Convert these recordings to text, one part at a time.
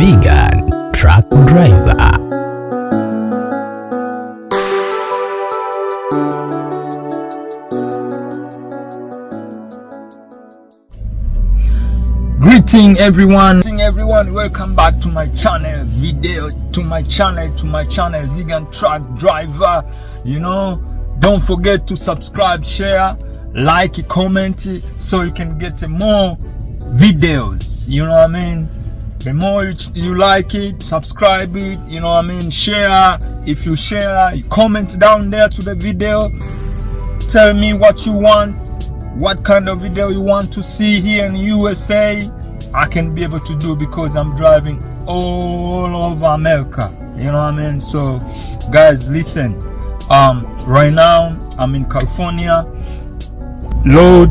Vegan Truck Driver. Greeting everyone. Greeting everyone. Welcome back to my channel video to my channel to my channel Vegan Truck Driver. You know, don't forget to subscribe, share, like, comment so you can get more videos. You know what I mean? the more you, you like it subscribe it you know what i mean share if you share comment down there to the video tell me what you want what kind of video you want to see here in usa i can be able to do because i'm driving all over america you know what i mean so guys listen um right now i'm in california load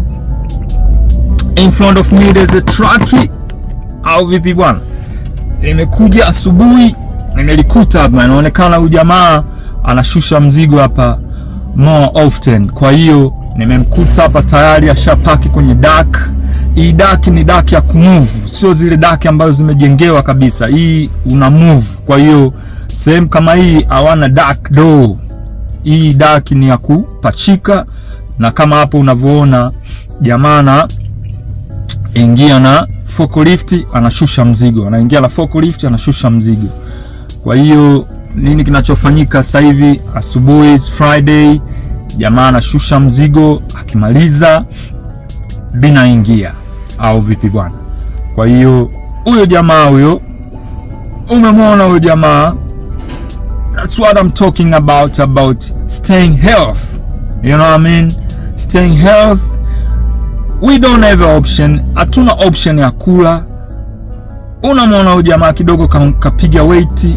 in front of me there's a truckie. au vipi bwana? Nimekuja asubuhi nimelikuta hapa, inaonekana huyu jamaa anashusha mzigo hapa more often. Kwa hiyo nimemkuta hapa tayari ashapaki kwenye dark. Hii dark ni dark ya kumove, sio zile dark ambazo zimejengewa kabisa. Hii una move, kwa hiyo sehemu kama hii hawana dark do. Hii dark ni ya kupachika, na kama hapo unavyoona jamaa na ingia na forklift anashusha mzigo, anaingia na forklift anashusha mzigo. Kwa hiyo nini kinachofanyika sasa hivi? Asubuhi Friday, jamaa anashusha mzigo, akimaliza binaingia au vipi bwana? Kwa hiyo huyo jamaa huyo umemwona huyo jamaa, that's what I'm talking about about staying health, you know what I mean, staying health we don't have option, hatuna option ya kula. Unamwona huyu jamaa kidogo kapiga weight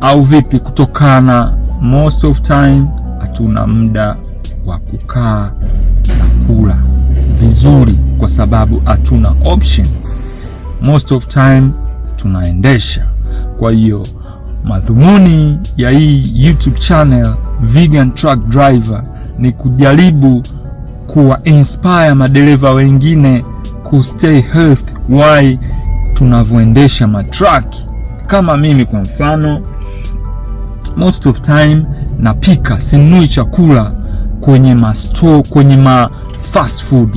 au vipi? Kutokana most of time hatuna muda wa kukaa na kula vizuri, kwa sababu hatuna option. Most of time tunaendesha. Kwa hiyo madhumuni ya hii YouTube channel Vegan Truck Driver ni kujaribu kuwa inspire madereva wengine ku stay health why tunavyoendesha matruck Kama mimi kwa mfano, most of time napika, sinunui chakula kwenye masto, kwenye ma fast food,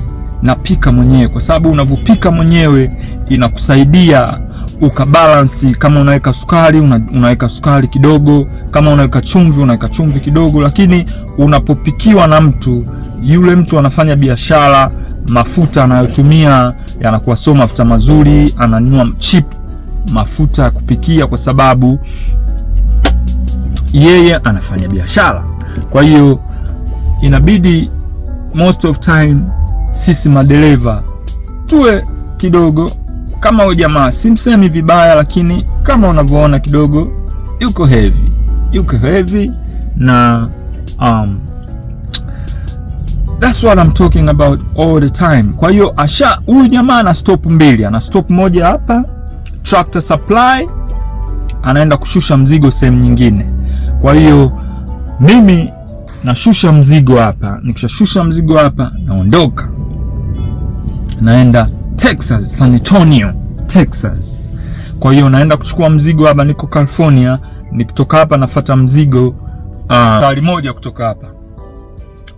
napika mwenyewe, kwa sababu unavyopika mwenyewe inakusaidia ukabalansi. Kama unaweka sukari una, unaweka sukari kidogo, kama unaweka chumvi unaweka chumvi kidogo, lakini unapopikiwa na mtu yule mtu anafanya biashara, mafuta anayotumia yanakuwa sio mafuta mazuri, ananunua cheap mafuta ya kupikia kwa sababu yeye anafanya biashara. Kwa hiyo inabidi most of time sisi madereva tuwe kidogo kama huyo jamaa, simsemi vibaya, lakini kama unavyoona kidogo yuko heavy, yuko heavy na um, That's what I'm talking about all the time. Kwa hiyo asha huyu jamaa ana stop mbili, ana stop moja hapa tractor supply, anaenda kushusha mzigo sehemu nyingine. Kwa hiyo mimi nashusha mzigo hapa, nikishashusha mzigo hapa naondoka, naenda Texas, San Antonio, Texas. Kwa hiyo naenda kuchukua mzigo hapa, niko California, nikitoka hapa nafata mzigo uh, moja kutoka hapa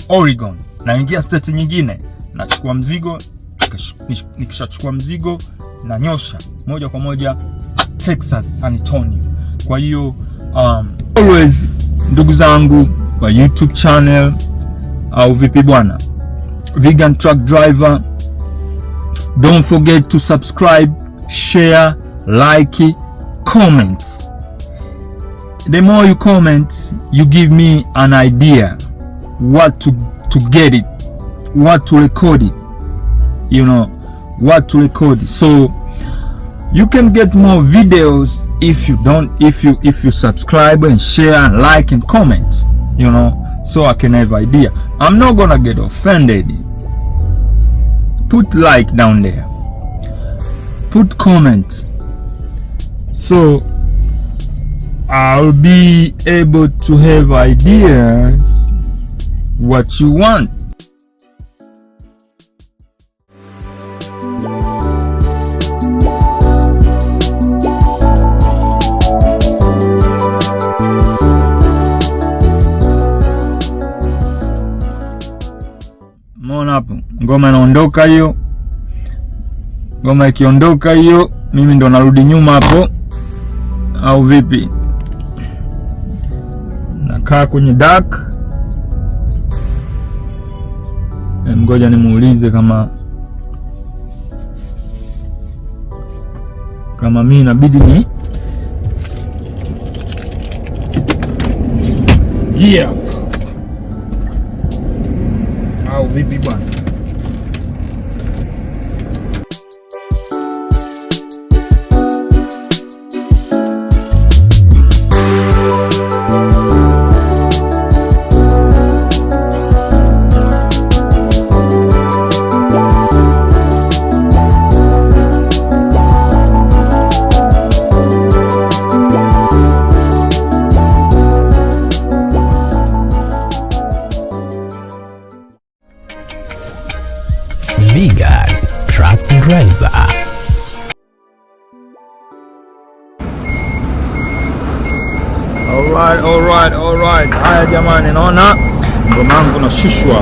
Oregon naingia state nyingine, nachukua mzigo. Nikishachukua mzigo na nyosha moja kwa moja Texas, San Antonio. Kwa hiyo um, always ndugu zangu wa YouTube channel au vipi bwana, Vegan Truck Driver, don't forget to subscribe, share, like, comment. The more you comment, you give me an idea what to to get it, what to record it, you know, what to record. So you can get more videos if you don't, if you if you subscribe and share and like and comment, you know. So I can have idea. I'm not gonna get offended. Put like down there. Put comment. So I'll be able to have ideas what you want. Mona hapo ngoma inaondoka hiyo. Ngoma ikiondoka hiyo, mimi ndo narudi nyuma hapo, au vipi? Nakaa kwenye dark Mgoja eh, nimuulize kama kama mimi inabidi ni yeah, au vipi bwana? Haya jamani, naona ngoma yangu nashushwa,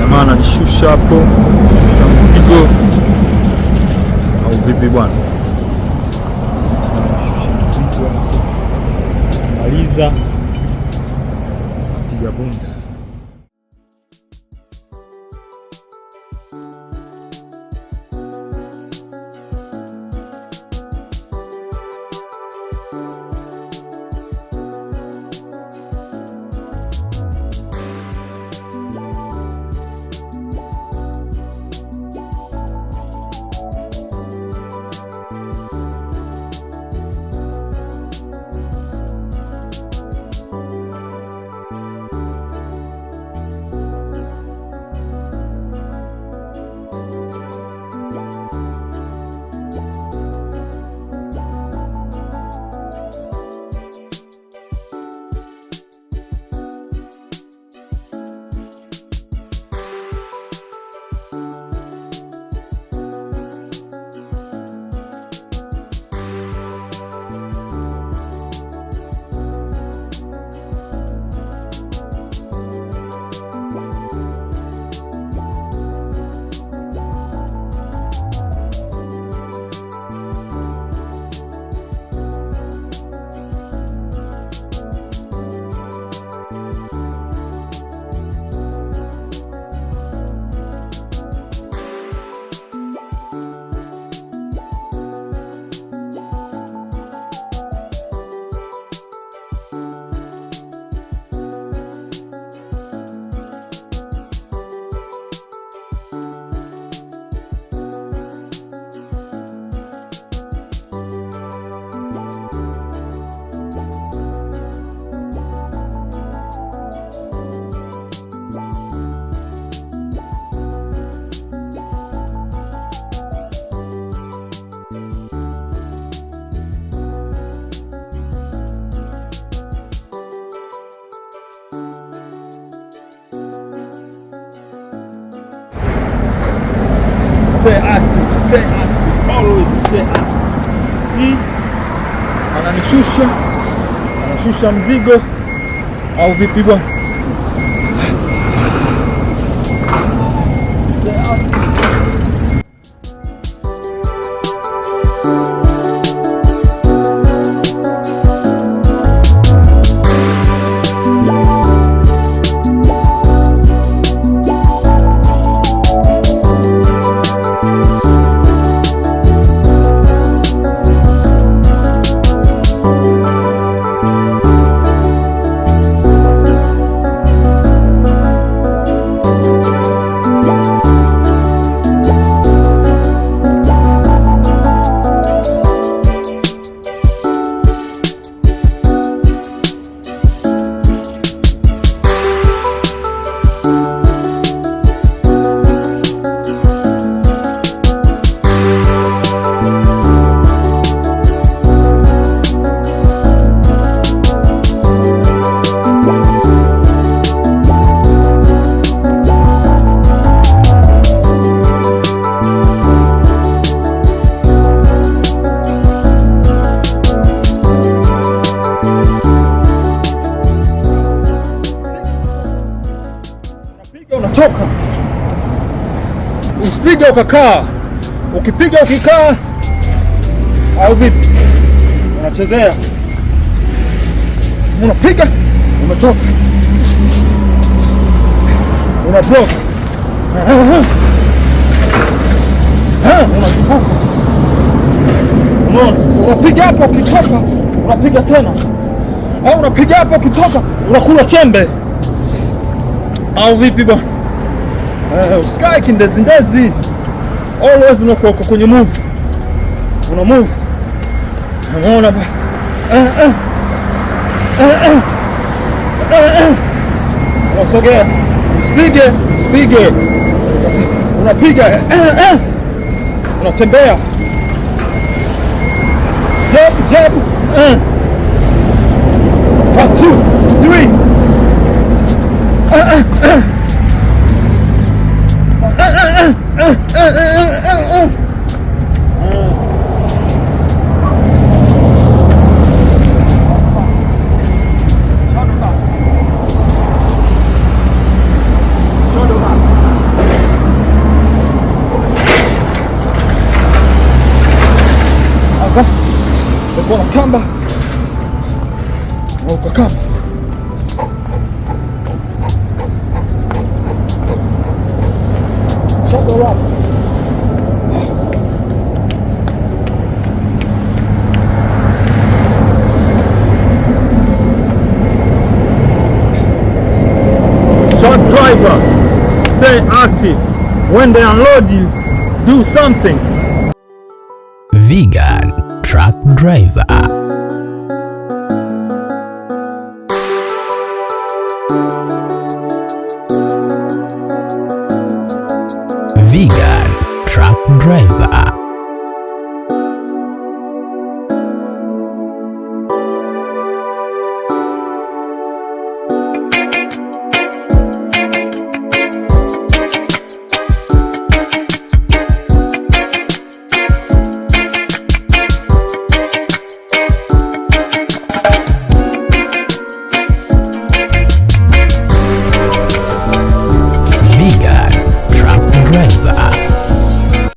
jamaa ananishusha hapo, shusha mzigo au vipi bwana? Shusha mzigo, maliza piga bunda stay active, stay active, always stay active. Si ananishusha, anashusha mzigo au vipi bwana? unapiga ukakaa, ukipiga ukikaa, au vipi? Unachezea, unapiga umetoka, una block unapiga hapo, ukitoka unapiga tena, au unapiga hapo, ukitoka unakula chembe, au vipi bwana? Eh, usikae kindezindezi always unakuwa kwenye move, una move, unaona ba eh, eh. Eh, unasogea, usipige, usipige, unapiga, unatembea, jab jab, one two three come na come na Shut the wapo Short driver, stay active. When they unload you, do something. Vegan truck driver.